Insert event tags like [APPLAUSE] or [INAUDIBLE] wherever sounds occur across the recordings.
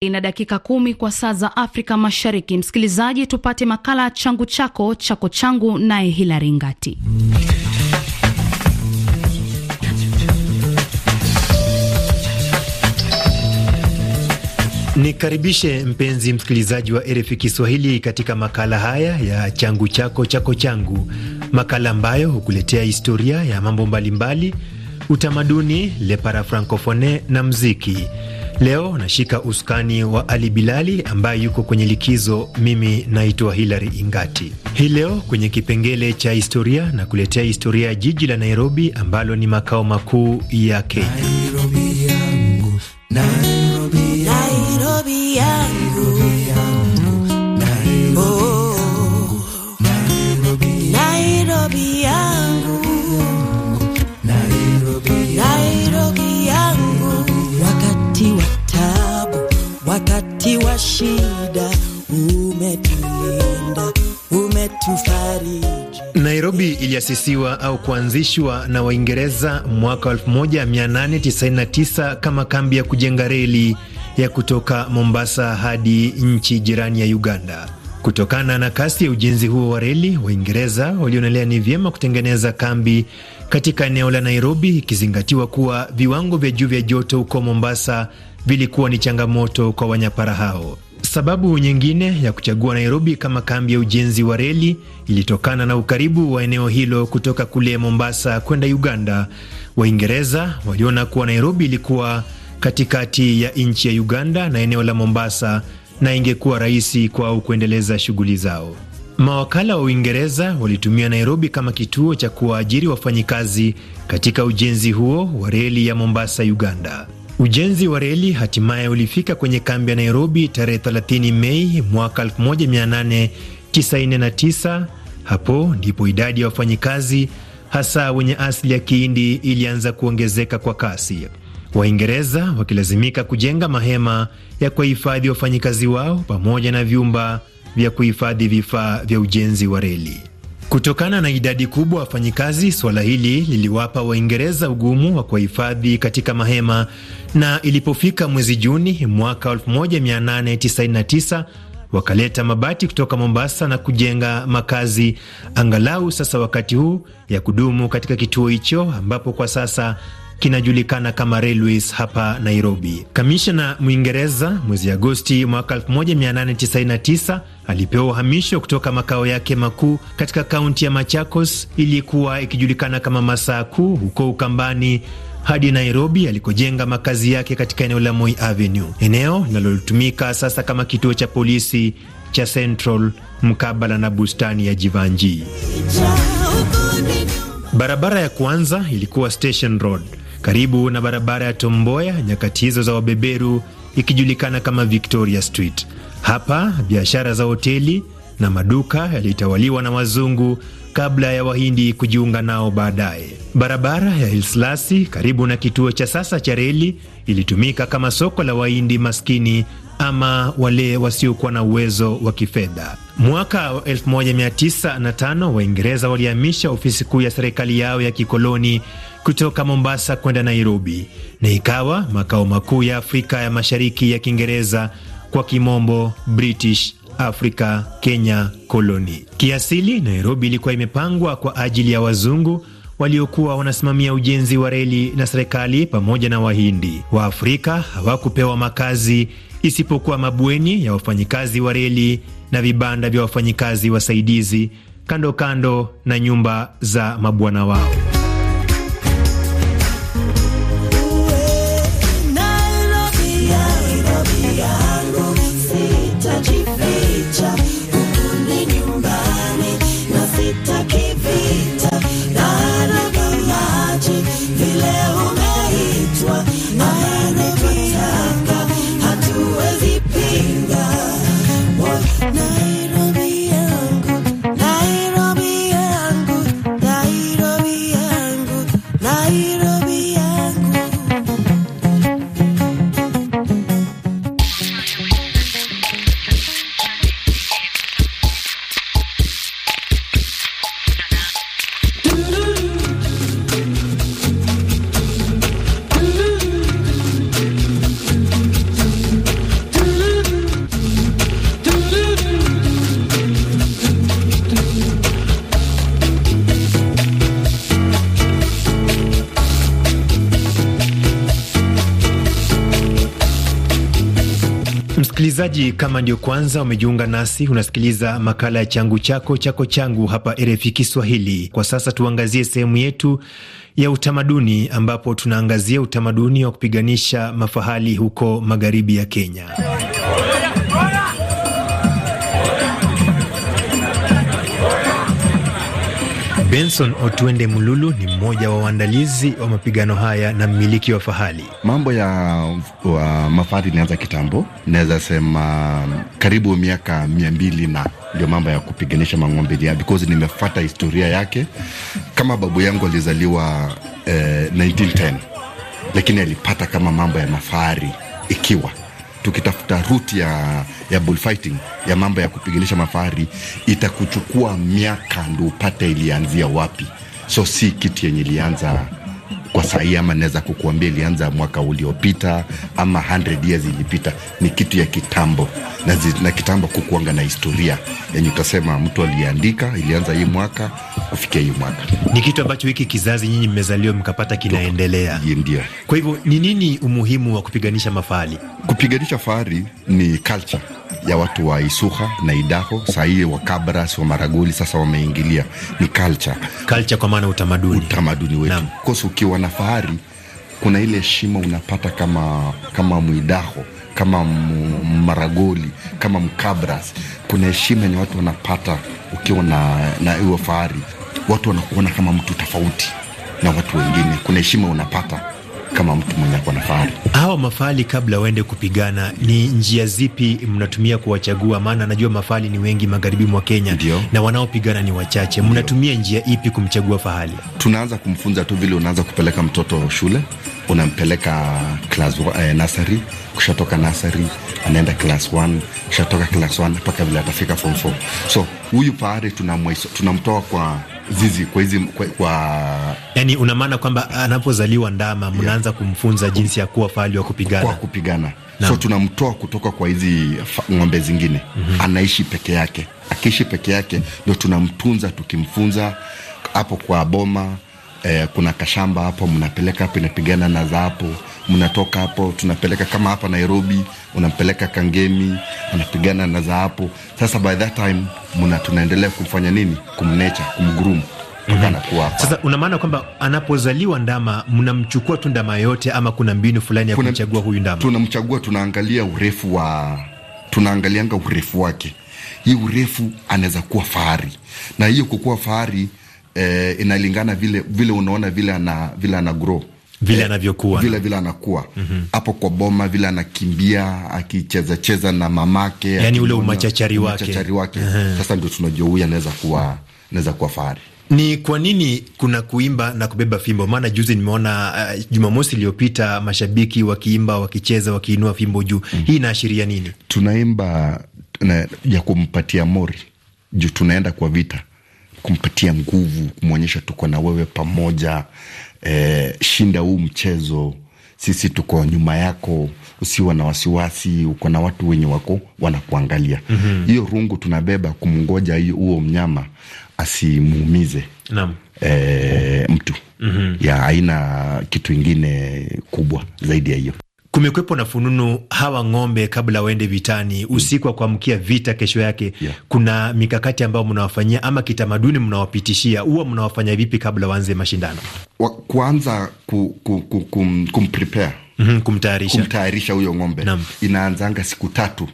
Ina dakika kumi kwa saa za Afrika Mashariki. Msikilizaji, tupate makala changu chako chako changu, naye Hilari Ngati. Nikaribishe mpenzi msikilizaji wa RFI Kiswahili katika makala haya ya changu chako chako changu, makala ambayo hukuletea historia ya mambo mbalimbali, utamaduni, le para francofone na mziki. Leo nashika usukani wa Ali Bilali ambaye yuko kwenye likizo. Mimi naitwa Hilary Ingati. Hii leo kwenye kipengele cha historia na kuletea historia ya jiji la Nairobi ambalo ni makao makuu ya Kenya. Nairobi yangu, Nairobi yangu. Nairobi yangu. Tukiwa shida umetulinda, umetufariji. Nairobi iliasisiwa au kuanzishwa na Waingereza mwaka 1899 kama kambi ya kujenga reli ya kutoka Mombasa hadi nchi jirani ya Uganda. Kutokana na kasi ya ujenzi huo wa reli, Waingereza walionelea ni vyema kutengeneza kambi katika eneo la Nairobi, ikizingatiwa kuwa viwango vya juu vya joto huko Mombasa vilikuwa ni changamoto kwa wanyapara hao. Sababu nyingine ya kuchagua Nairobi kama kambi ya ujenzi wa reli ilitokana na ukaribu wa eneo hilo kutoka kule Mombasa kwenda Uganda. Waingereza waliona kuwa Nairobi ilikuwa katikati ya nchi ya Uganda na eneo la Mombasa na ingekuwa rahisi kwao kuendeleza shughuli zao. Mawakala wa Uingereza walitumia Nairobi kama kituo cha kuwaajiri wafanyikazi katika ujenzi huo wa reli ya Mombasa, Uganda. Ujenzi wa reli hatimaye ulifika kwenye kambi ya Nairobi tarehe 30 Mei mwaka 1899. Hapo ndipo idadi ya wafanyikazi hasa wenye asili ya Kihindi ilianza kuongezeka kwa kasi, Waingereza wakilazimika kujenga mahema ya kuwahifadhi wafanyikazi wao pamoja na vyumba vya kuhifadhi vifaa vya ujenzi wa reli. Kutokana na idadi kubwa wafanyikazi, suala hili liliwapa Waingereza ugumu wa kuwahifadhi katika mahema, na ilipofika mwezi Juni mwaka 1899 wakaleta mabati kutoka Mombasa na kujenga makazi angalau sasa wakati huu ya kudumu katika kituo hicho ambapo kwa sasa kinajulikana kama Railways hapa Nairobi. Kamishna Mwingereza mwezi Agosti mwaka 1899 alipewa uhamisho kutoka makao yake makuu katika kaunti ya Machakos ilikuwa ikijulikana kama Masaa Kuu huko Ukambani hadi Nairobi alikojenga makazi yake katika eneo la Moi Avenue, eneo linalotumika sasa kama kituo cha polisi cha Central mkabala na bustani ya Jivanji. Barabara ya kwanza ilikuwa Station Road karibu na barabara ya Tomboya, nyakati hizo za wabeberu, ikijulikana kama Victoria Street. Hapa biashara za hoteli na maduka yalitawaliwa na wazungu kabla ya wahindi kujiunga nao baadaye. Barabara ya Hilslasi karibu na kituo cha sasa cha reli ilitumika kama soko la wahindi maskini ama wale wasiokuwa na uwezo wa kifedha. Mwaka wa 1905 Waingereza walihamisha ofisi kuu ya serikali yao ya kikoloni kutoka Mombasa kwenda Nairobi na ikawa makao makuu ya Afrika ya Mashariki ya Kiingereza kwa kimombo British Africa Kenya Colony. Kiasili, Nairobi ilikuwa imepangwa kwa ajili ya wazungu waliokuwa wanasimamia ujenzi wa reli na serikali pamoja na Wahindi. Waafrika hawakupewa makazi isipokuwa mabweni ya wafanyikazi wa reli na vibanda vya wafanyikazi wasaidizi kando kando na nyumba za mabwana wao. Msikilizaji, kama ndio kwanza umejiunga nasi, unasikiliza makala ya changu chako chako changu hapa RFI Kiswahili. Kwa sasa tuangazie sehemu yetu ya utamaduni, ambapo tunaangazia utamaduni wa kupiganisha mafahali huko magharibi ya Kenya. Benson Otwende Mululu ni mmoja wa waandalizi wa mapigano haya na mmiliki wa fahali. Mambo ya wa mafahali inaanza kitambo, naweza sema um, karibu miaka mia mbili na ndio mambo ya kupiganisha mang'ombe ya because nimefata historia yake kama babu yangu alizaliwa eh, 1910 lakini alipata kama mambo ya mafahari ikiwa tukitafuta ruti ya, ya bullfighting ya mambo ya kupigilisha mafahari itakuchukua miaka ndo upate ilianzia wapi, so si kitu yenye ilianza kwa sahii, ama naweza kukuambia ilianza mwaka uliopita ama 100 years ilipita. Ni kitu ya kitambo na, zi, na kitambo kukuanga na historia yenye utasema mtu aliandika ilianza hii mwaka kufikia hii mwaka. Ni kitu ambacho hiki kizazi nyinyi mmezaliwa mkapata kinaendelea, ndio. Kwa hivyo ni nini umuhimu wa kupiganisha mafahali? Kupiganisha fahari ni culture ya watu wa Isuha na Idaho. Saa hii wa Kabras wa Maragoli sasa wameingilia, ni culture culture, kwa maana utamaduni, utamaduni wetu kosi. Ukiwa na fahari, kuna ile heshima unapata kama kama Mwidaho kama Maragoli kama Mkabras, kuna heshima yenye watu wanapata ukiwa na na iwe fahari, watu wanakuona kama mtu tofauti na watu wengine, kuna heshima unapata kama mtu mwenye ako na Hawa mafahali kabla waende kupigana, ni njia zipi mnatumia kuwachagua? Maana najua mafahali ni wengi magharibi mwa Kenya. Ndiyo. na wanaopigana ni wachache. Mnatumia njia ipi kumchagua fahali? Tunaanza kumfunza tu vile unaanza kupeleka mtoto shule, unampeleka class eh, nasari. Kushatoka nasari anaenda class 1, kushatoka class 1 mpaka vile atafika form 4. So huyu fahali tunamtoa kwa zizi kwa hizi kwa, kwa... Yani una maana kwamba anapozaliwa ndama mnaanza yeah, kumfunza jinsi ya kuwa fahali wa kupigana kwa kupigana na. So tunamtoa kutoka kwa hizi ng'ombe zingine mm -hmm. Anaishi peke yake, akiishi peke yake ndio tunamtunza tukimfunza hapo kwa boma Eh, kuna kashamba hapo, mnapeleka hapo, inapigana na za hapo, mnatoka hapo, tunapeleka kama hapa Nairobi, unampeleka Kangemi, anapigana na za hapo. Sasa by that time muna tunaendelea kumfanya nini, kumnecha, kumgurumu mhm. sasa una maana kwamba anapozaliwa ndama mnamchukua tu ndama yote, ama kuna mbinu fulani ya kumchagua huyu ndama? Tunamchagua, tunaangalia urefu wa, tunaangalianga urefu wake. Hii urefu anaweza kuwa fahari, na hiyo kukuwa fahari eh, inalingana vile vile unaona vile ana vile ana grow vile anavyokuwa vile vile anakuwa mhm. hapo kwa boma vile anakimbia akichezacheza na mamake, yani ule umachachari wake, umachachari wake. Uh -huh. Sasa ndio tunajua huyu anaweza kuwa anaweza kuwa fahari ni kwa nini kuna kuimba na kubeba fimbo? Maana juzi nimeona uh, Jumamosi iliyopita mashabiki wakiimba, wakicheza, wakiinua fimbo juu mm. Hii inaashiria nini? Tunaimba na, ya kumpatia mori juu tunaenda kwa vita, kumpatia nguvu, kumwonyesha tuko na wewe pamoja eh, shinda huu mchezo, sisi tuko nyuma yako, usiwa na wasiwasi, uko na watu wenye wako wanakuangalia. mm -hmm. Hiyo rungu tunabeba kumngoja huo mnyama asimuumize eh, mtu mm -hmm. ya aina kitu ingine kubwa zaidi ya hiyo kumekwepo na fununu hawa ng'ombe kabla waende vitani, mm. usiku wa kuamkia vita kesho yake yeah. Kuna mikakati ambayo mnawafanyia ama kitamaduni mnawapitishia, huwa mnawafanya vipi kabla waanze mashindano? Wa, kuanza ku, ku, ku, kum, kumprepare mm -hmm, kumtayarisha kumtayarisha huyo ng'ombe Inaanzanga siku tatu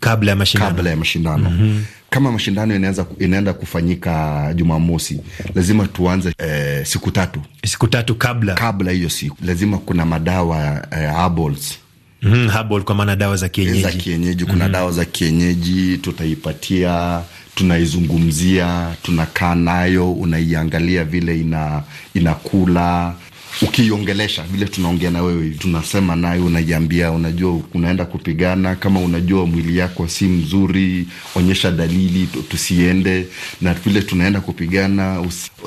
kabla ya mashindano, kabla ya mashindano. Mm -hmm kama mashindano inaenda kufanyika Jumamosi, lazima tuanze eh, siku tatu siku tatu kabla kabla hiyo siku, lazima kuna madawa eh, herbals mm, herbal kwa maana dawa za kienyeji za kienyeji. Kuna mm -hmm. dawa za kienyeji tutaipatia, tunaizungumzia, tunakaa nayo, unaiangalia vile ina inakula ukiiongelesha vile tunaongea na wewe tunasema naye, unajiambia, unajua unaenda kupigana, kama unajua mwili yako si mzuri, onyesha dalili tusiende, na vile tunaenda kupigana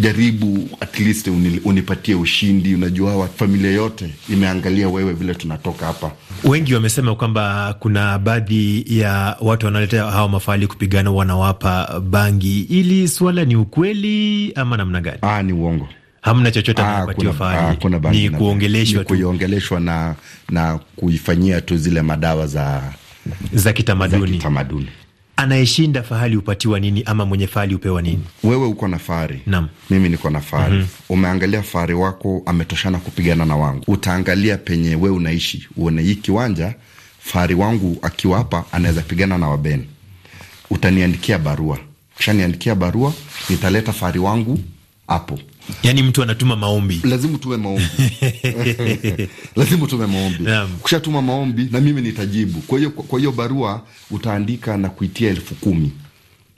jaribu at least unipatie ushindi. Unajua wa familia yote imeangalia wewe vile tunatoka hapa. Wengi wamesema kwamba kuna baadhi ya watu wanaleta hawa mafahali kupigana wanawapa bangi. ili suala ni ukweli ama namna gani? Ah, ni uongo hamna chochote ah, anapatiwa ah, fahari, ni kuongeleshwa kuiongeleshwa na, na kuifanyia tu zile madawa za, za kitamaduni, kitamaduni. Anayeshinda fahali hupatiwa nini, ama mwenye fahali hupewa nini? Wewe uko na fahari, naam, mimi niko na fahari mm -hmm. Umeangalia fahari wako ametoshana kupigana na wangu, utaangalia penye we unaishi, uone hii kiwanja fahari wangu akiwa hapa anaweza pigana na wabeni, utaniandikia barua, kishaniandikia barua nitaleta fahari wangu hapo Yani mtu anatuma maombi, lazima utume maombi [LAUGHS] lazima utume maombi yeah. Kushatuma maombi na mimi nitajibu. Kwa hiyo kwa hiyo barua utaandika na kuitia elfu kumi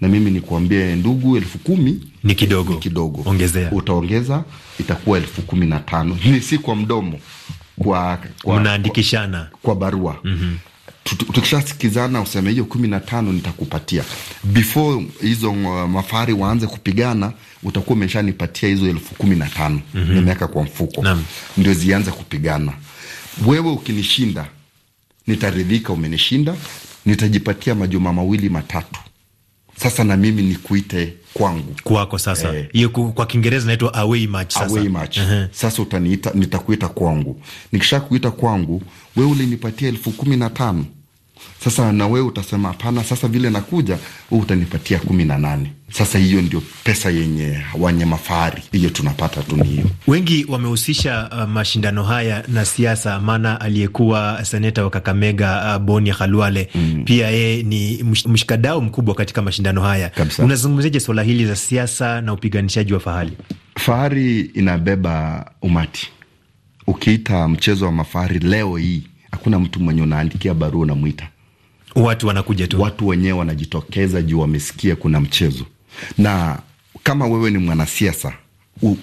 na mimi nikuambie, ndugu, elfu kumi ni kidogo, ni kidogo. Ongezea, utaongeza itakuwa elfu kumi na tano. Ni si kwa mdomo, kwa, kwa mnaandikishana kwa, kwa barua mm -hmm tukishasikizana useme hiyo kumi na tano nitakupatia before hizo uh, mafari waanze kupigana, utakuwa umeshanipatia hizo elfu kumi na tano mm -hmm. Nimeweka kwa mfuko ndio zianze kupigana. Wewe ukinishinda nitaridhika, umenishinda, nitajipatia majuma mawili matatu. Sasa na mimi nikuite kwangu kwako. Sasa eh. hiyo eh, kwa Kiingereza inaitwa away match. Sasa away match uh -huh. Sasa utaniita, nitakuita kwangu. Nikishakuita kwangu, wewe ulinipatia elfu kumi na tano sasa na wewe utasema hapana, sasa vile nakuja huu utanipatia kumi na nane. Sasa hiyo ndio pesa yenye wanyama fahari, hiyo tunapata tu ni hiyo. Wengi wamehusisha uh, mashindano haya na siasa, maana aliyekuwa seneta wa Kakamega uh, Boni Khalwale mm. pia yeye ni msh, mshikadau mkubwa katika mashindano haya. Unazungumziaje swala hili za siasa na upiganishaji wa fahari? Fahari inabeba umati. Ukiita mchezo wa mafahari leo hii hakuna mtu mwenye unaandikia barua unamwita watu wanakuja tu, watu wenyewe wanajitokeza juu wamesikia kuna mchezo. Na kama wewe ni mwanasiasa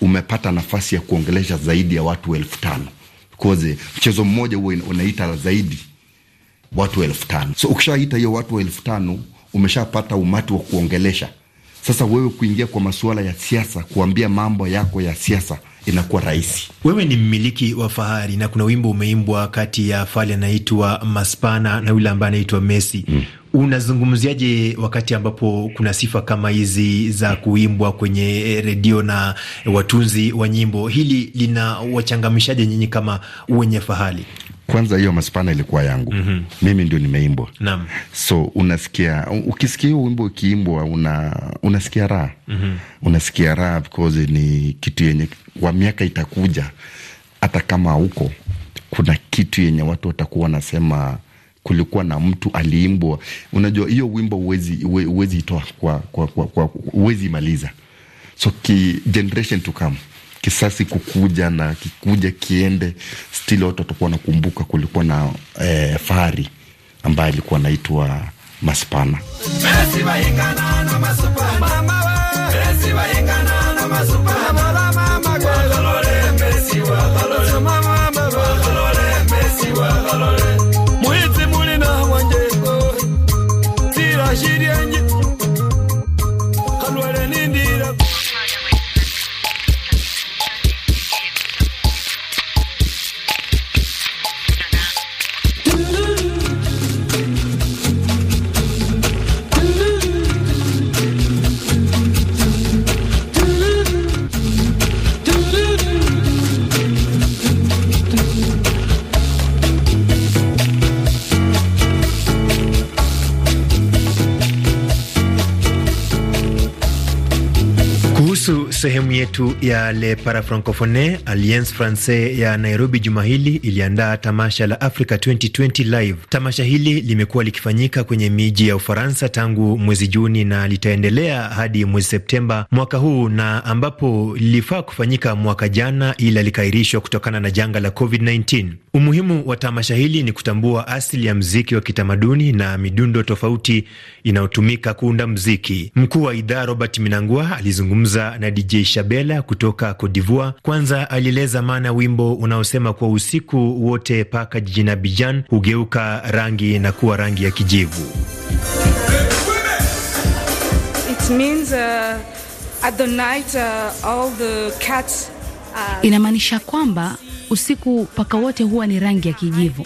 umepata nafasi ya kuongelesha zaidi ya watu elfu tano koze mchezo mmoja huo unaita zaidi watu elfu tano so ukishaita hiyo watu elfu tano umeshapata umati wa kuongelesha. Sasa wewe kuingia kwa masuala ya siasa, kuambia mambo yako ya siasa inakuwa rahisi. Wewe ni mmiliki wa fahari na kuna wimbo umeimbwa kati ya fali anaitwa Maspana na yule ambaye anaitwa Messi mm. Unazungumziaje wakati ambapo kuna sifa kama hizi za kuimbwa kwenye eh, redio na watunzi wa nyimbo, hili linawachangamishaje nyinyi kama wenye fahari? Kwanza hiyo maspana ilikuwa yangu mm -hmm. Mimi ndio nimeimbwa, so unasikia, ukisikia hiyo wimbo ukiimbwa, una, unasikia raha mm -hmm. Unasikia raha because ni kitu yenye kwa miaka itakuja, hata kama huko kuna kitu yenye watu watakuwa wanasema kulikuwa na mtu aliimbwa. Unajua hiyo wimbo uwezi, uwezi itoa kwa, kwa, kwa, kwa, uwezi maliza so ki generation to come kisasi kukuja na kikuja kiende, stili watu watakuwa nakumbuka kulikuwa na eh, fahari ambaye alikuwa anaitwa Maspana. Messi, Sehemu yetu ya Le Para Alliance Francais ya Nairobi juma hili iliandaa tamasha la Africa 2020 Live. Tamasha hili limekuwa likifanyika kwenye miji ya Ufaransa tangu mwezi Juni na litaendelea hadi mwezi Septemba mwaka huu, na ambapo lilifaa kufanyika mwaka jana, ila likaahirishwa kutokana na janga la COVID-19. Umuhimu wa tamasha hili ni kutambua asili ya mziki wa kitamaduni na midundo tofauti inayotumika kuunda mziki. Mkuu wa idhaa Robert Minangua alizungumza na DJ Jishabela kutoka Cote d'Ivoire. Kwanza alieleza maana wimbo unaosema kuwa usiku wote paka jijini Abidjan hugeuka rangi na kuwa rangi ya kijivu. It means, uh... At the night, uh, all the cats, uh, inamaanisha kwamba usiku paka wote huwa ni rangi ya kijivu.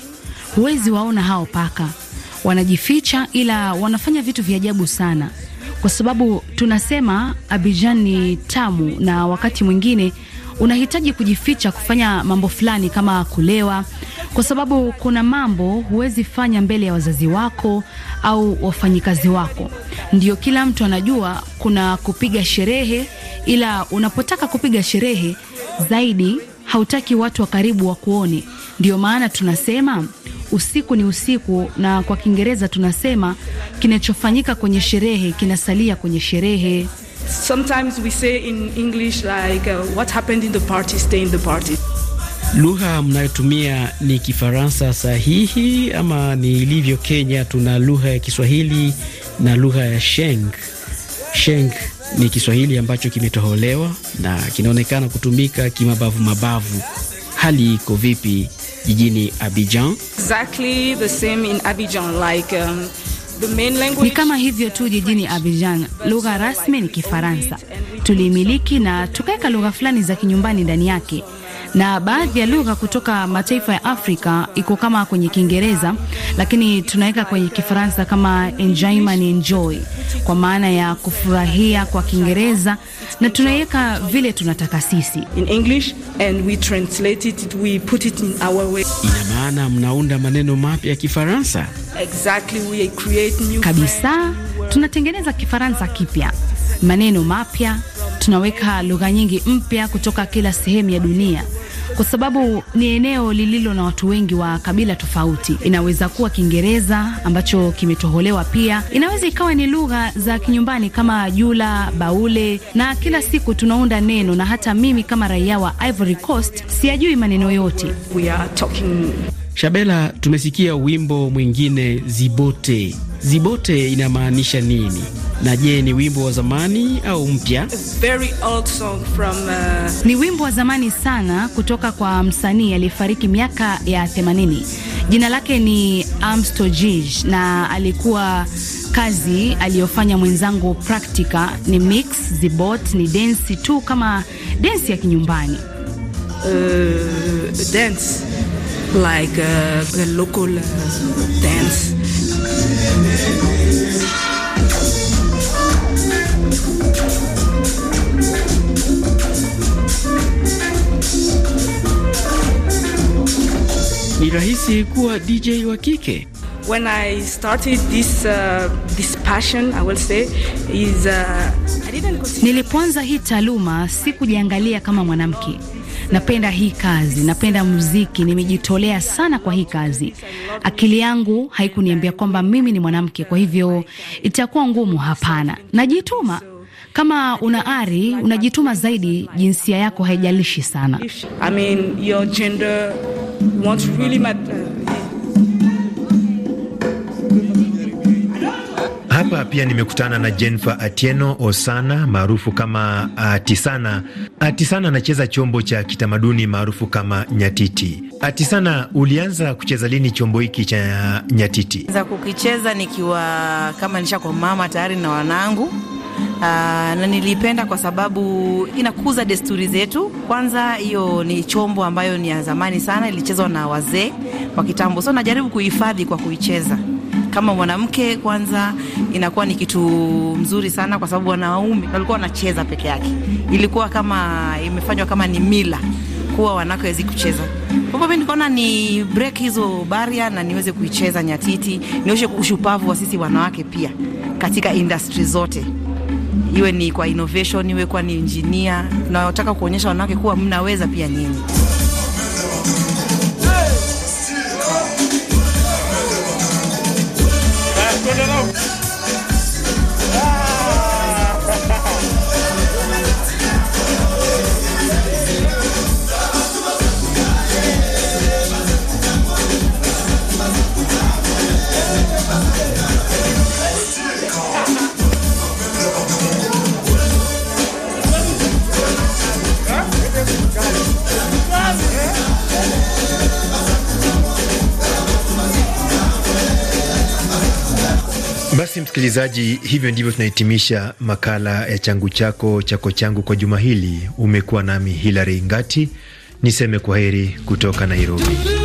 Huwezi waona hao paka, wanajificha, ila wanafanya vitu vya ajabu sana kwa sababu tunasema Abidjan ni tamu, na wakati mwingine unahitaji kujificha kufanya mambo fulani kama kulewa, kwa sababu kuna mambo huwezi fanya mbele ya wazazi wako au wafanyikazi wako. ndio kila mtu anajua kuna kupiga sherehe, ila unapotaka kupiga sherehe zaidi hautaki watu wa karibu wakuone. Ndio maana tunasema usiku ni usiku, na kwa Kiingereza tunasema kinachofanyika kwenye sherehe kinasalia kwenye sherehe. Sometimes we say in English like uh, what happened in the party stay in the party. Lugha mnayotumia ni Kifaransa sahihi ama ni ilivyo Kenya? Tuna lugha ya Kiswahili na lugha ya Sheng. Sheng ni Kiswahili ambacho kimetoholewa na kinaonekana kutumika kimabavu mabavu. Hali iko vipi jijini Abidjan? Exactly the same in Abidjan like um, ni kama hivyo tu jijini Abidjan, lugha rasmi ni Kifaransa. Tuliimiliki na tukaweka lugha fulani za kinyumbani ndani yake na baadhi ya lugha kutoka mataifa ya Afrika iko kama kwenye Kiingereza, lakini tunaweka kwenye Kifaransa kama enjoyment enjoy, kwa maana ya kufurahia kwa Kiingereza, na tunaiweka vile tunataka sisi in English and we translate it, we put it in our way. Ina maana mnaunda maneno mapya ya Kifaransa. Exactly, we create new kabisa, tunatengeneza Kifaransa kipya, maneno mapya tunaweka lugha nyingi mpya kutoka kila sehemu ya dunia kwa sababu ni eneo lililo na watu wengi wa kabila tofauti. Inaweza kuwa Kiingereza ambacho kimetoholewa, pia inaweza ikawa ni lugha za kinyumbani kama Jula, Baule, na kila siku tunaunda neno, na hata mimi kama raia wa Ivory Coast siyajui maneno yote. We are talking... Shabela, tumesikia wimbo mwingine Zibote Zibote inamaanisha nini? Na je, ni wimbo wa zamani au mpya? Uh... ni wimbo wa zamani sana kutoka kwa msanii aliyefariki miaka ya 80. Jina lake ni Amstojij na alikuwa kazi aliyofanya mwenzangu Practica. Ni mix Zibot, ni densi tu kama densi ya kinyumbani. Uh, dance like uh, local uh, dance ni rahisi kuwa DJ wa kike. When I started this, uh, this passion, I will say, is, uh, I didn't consider... Nilipoanza hii taaluma sikujiangalia kama mwanamke. Napenda hii kazi, napenda muziki, nimejitolea sana kwa hii kazi. Akili yangu haikuniambia kwamba mimi ni mwanamke, kwa hivyo itakuwa ngumu. Hapana, najituma. Kama una ari, unajituma zaidi. Jinsia yako haijalishi sana. I mean, your gender really Hapa pia nimekutana na Jennifer Atieno Osana maarufu kama Atisana. Atisana anacheza chombo cha kitamaduni maarufu kama nyatiti. Atisana, ulianza kucheza lini chombo hiki cha nyatiti? za kukicheza nikiwa kama kwa mama tayari na wanangu Aa, ah, na nilipenda kwa sababu inakuza desturi zetu. Kwanza hiyo ni chombo ambayo ni ya zamani sana, ilichezwa na wazee wa kitambo, so najaribu kuhifadhi kwa kuicheza kama mwanamke kwanza inakuwa ni kitu mzuri sana, kwa sababu wanaume walikuwa wanacheza peke yake, ilikuwa kama imefanywa kama ni mila kuwa wanawake hawezi kucheza. Kwa hivyo nikaona ni break hizo baria na niweze kuicheza nyatiti, nioshe ushupavu wa sisi wanawake pia katika industry zote, iwe ni kwa innovation, iwe kwa ni engineer, nataka kuonyesha wanawake kuwa mnaweza pia nyinyi. Msikilizaji, hivyo ndivyo tunahitimisha makala ya changu chako chako changu kwa juma hili. Umekuwa nami Hilary Ngati, niseme kwa heri kutoka Nairobi.